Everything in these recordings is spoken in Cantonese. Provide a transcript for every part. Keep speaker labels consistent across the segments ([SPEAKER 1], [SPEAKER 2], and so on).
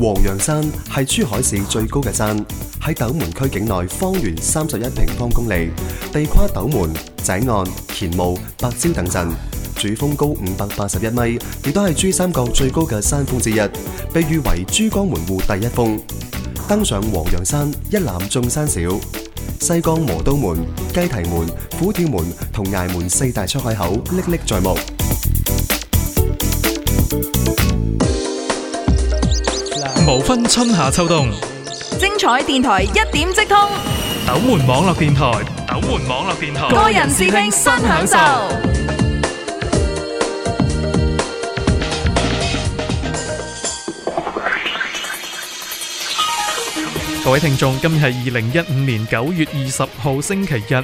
[SPEAKER 1] 黃楊山係珠海市最高嘅山，喺斗門區境內，方圓三十一平方公里，地跨斗門、井岸、乾務、白蕉等鎮。主峰高五百八十一米，亦都係珠三角最高嘅山峰之一，被譽為珠江門戶第一峰。登上黃楊山，一覽眾山小，西江磨刀門、雞啼門、虎跳門同崖門四大出海口歷歷在目。無分春夏秋冬，精彩電台一點即通。斗門網絡電台，斗門網絡電台，個人視聽，新享受。各位聽眾，今日係二零一五年九月二十號星期日，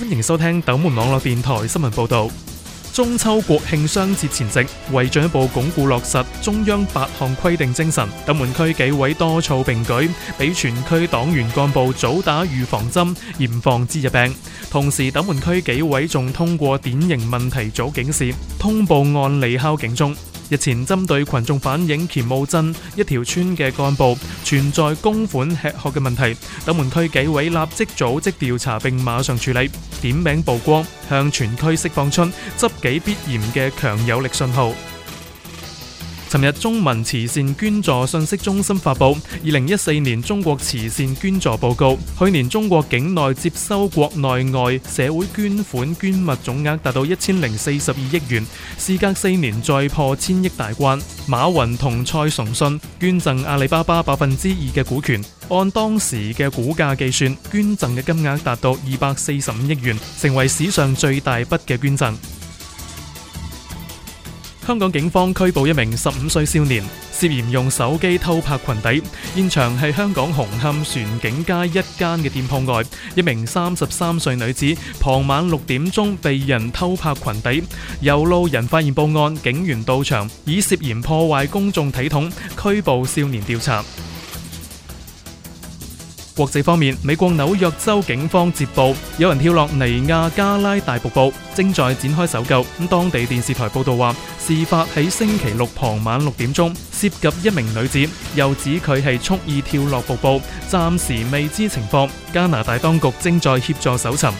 [SPEAKER 1] 歡迎收聽斗門網絡電台新聞報道。中秋國慶雙節前夕，為進一步鞏固落實中央八項規定精神，斗門區紀委多措並舉，俾全區黨員幹部早打預防針，嚴防之日病。同時，斗門區紀委仲通過典型問題早警示，通報案例敲警鐘。日前針對群眾反映乾務鎮一條村嘅幹部存在公款吃喝嘅問題，斗門區紀委立即組織調查，並馬上處理，點名曝光，向全區釋放出執紀必嚴嘅強有力信號。尋日，中文慈善捐助信息中心發布《二零一四年中國慈善捐助報告》。去年，中國境內接收國內外社會捐款捐物總額達到一千零四十二億元，事隔四年再破千億大關。馬雲同蔡崇信捐贈阿里巴巴百分之二嘅股權，按當時嘅股價計算，捐贈嘅金額達到二百四十五億元，成為史上最大筆嘅捐贈。香港警方拘捕一名十五歲少年，涉嫌用手機偷拍裙底。現場係香港紅磡船景街一間嘅店鋪外，一名三十三歲女子傍晚六點鐘被人偷拍裙底，由路人發現報案，警員到場，以涉嫌破壞公眾體統拘捕少年調查。國際方面，美國紐約州警方接報，有人跳落尼亞加拉大瀑布，正在展開搜救。咁當地電視台報道話，事發喺星期六傍晚六點鐘，涉及一名女子，又指佢係蓄意跳落瀑布，暫時未知情況。加拿大當局正在協助搜尋。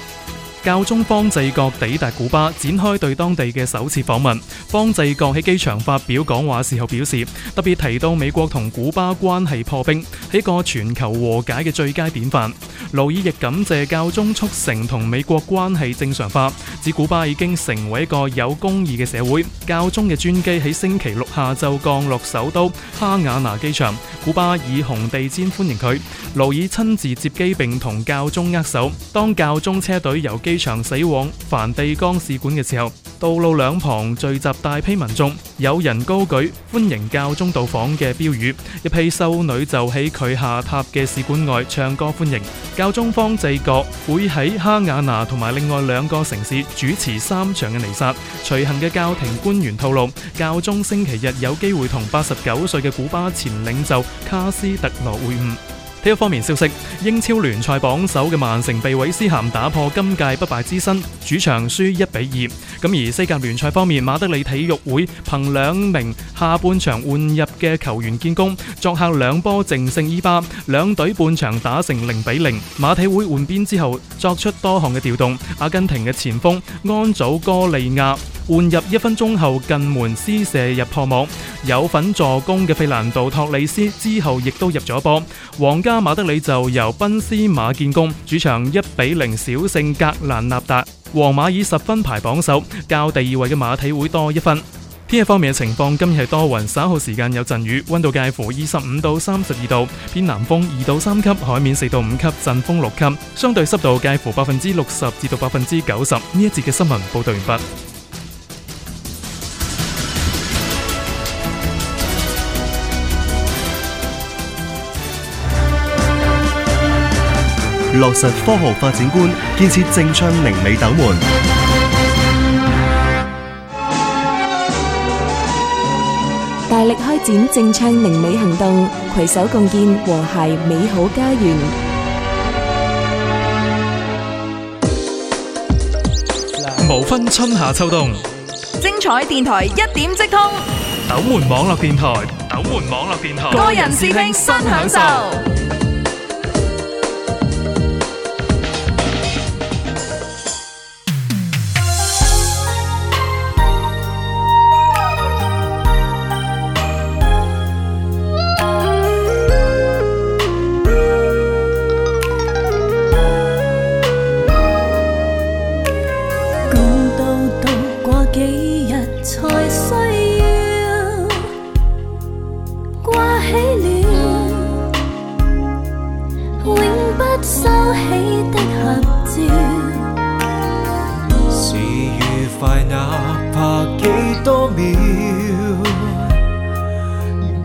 [SPEAKER 1] 教宗方濟各抵達古巴，展開對當地嘅首次訪問。方濟各喺機場發表講話時候表示，特別提到美國同古巴關係破冰，係個全球和解嘅最佳典範。勞爾亦感謝教宗促成同美國關係正常化，指古巴已經成為一個有公義嘅社會。教宗嘅專機喺星期六下晝降落首都哈瓦那機場，古巴以紅地毯歡迎佢。勞爾親自接機並同教宗握手。當教宗車隊由機場死亡梵蒂岡使館嘅時候，道路兩旁聚集大批民眾，有人高舉歡迎教宗到訪嘅標語。一批修女就喺佢下榻嘅使館外唱歌歡迎。教宗方濟各會喺哈瓦那同埋另外兩個城市主持三場嘅彌撒。隨行嘅教廷官員透露，教宗星期日有機會同八十九歲嘅古巴前領袖卡斯特羅會晤。體育方面消息，英超聯賽榜首嘅曼城被韋斯咸打破今屆不敗之身，主場輸一比二。咁而西甲聯賽方面，馬德里體育會憑兩名下半場換入嘅球員建功，作客兩波淨勝伊巴，兩隊半場打成零比零。馬體會換邊之後作出多項嘅調動，阿根廷嘅前鋒安祖哥利亞換入一分鐘後近門施射入破網，有份助攻嘅費蘭道托里斯之後亦都入咗波，黃。加馬德里就由賓斯馬建功，主場一比零小勝格蘭納達，皇馬以十分排榜首，較第二位嘅馬體會多一分。天氣方面嘅情況，今日係多雲，稍後時間有陣雨，温度介乎二十五到三十二度，偏南風二到三級，海面四到五級，陣風六級，相對濕度介乎百分之六十至到百分之九十。呢一節嘅新聞報道完畢。落實科學發展觀，建設淨暢寧美斗門，大力開
[SPEAKER 2] 展淨暢寧美行動，攜手共建和諧美好家園。
[SPEAKER 1] 無分春夏秋冬，精彩電台一點即通。斗門網絡電台，斗門網絡電台，個人視聽新享受。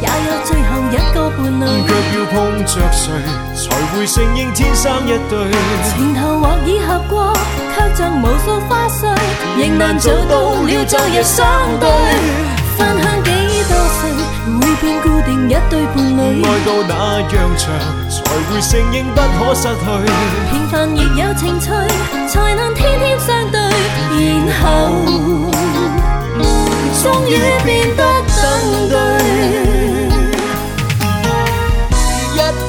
[SPEAKER 3] 也有最後一個伴侶，卻要碰着誰，才會承認天生一對。情投或已合過，卻像無數花絮，仍難做到了終日相對。分享幾多歲，每變固定一對伴侶。愛到那樣長，才會承認不可失去。平凡亦有情趣，才能天天相對，然後終於後變得登對。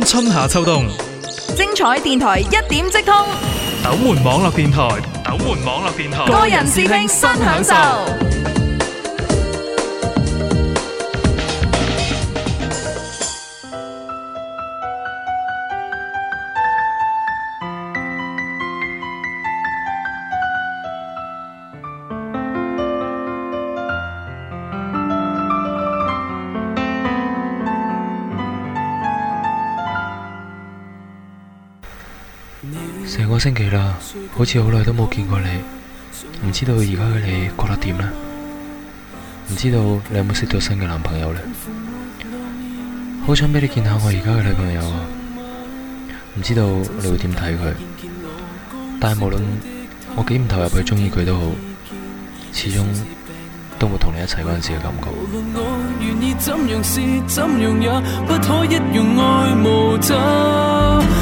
[SPEAKER 1] 春夏秋冬，精彩電台一點即通，斗門網絡電台，斗門網絡電台，個人視聽新享受。
[SPEAKER 2] 星期啦，好似好耐都冇見過你，唔知道而家嘅你覺得點呢？唔知道你有冇識到新嘅男朋友呢？好想俾你見下我而家嘅女朋友啊！唔知道你會點睇佢？但係無論我幾唔投入去中意佢都好，始終都冇同你一齊嗰陣時嘅
[SPEAKER 4] 感覺。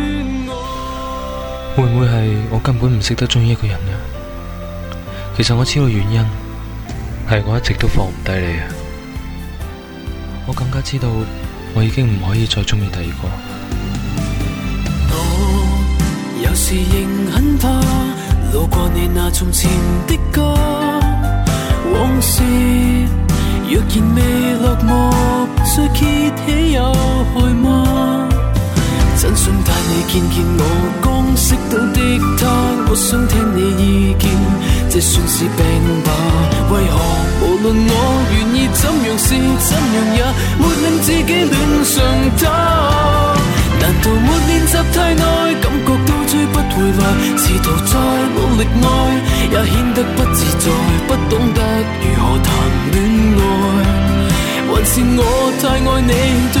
[SPEAKER 2] 會唔會係我根本唔識得中意一個人啊？其實我知道原因，係我一直都放唔低你啊。我更加知道我已經唔可以再中意第二個。我
[SPEAKER 4] 有時仍很怕路過你那從前的歌，往事若然未落幕，再揭起有害嗎？真想帶你見見我。識到的他，我想聽你意見，這算是病吧？為何無論我願意怎樣試，怎樣也沒令自己戀上他？難道沒練習太耐，感覺都追不回來？試圖再努力愛，也顯得不自在，不懂得如何談戀愛，還是我太愛你？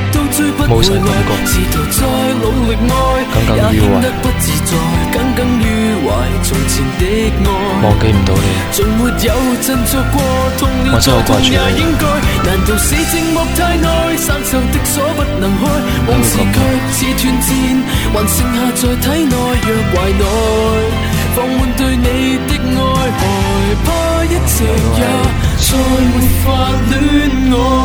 [SPEAKER 4] 冇神感覺，耿耿於懷。忘
[SPEAKER 2] 記唔到你，
[SPEAKER 4] 我真係掛住你。我都覺得。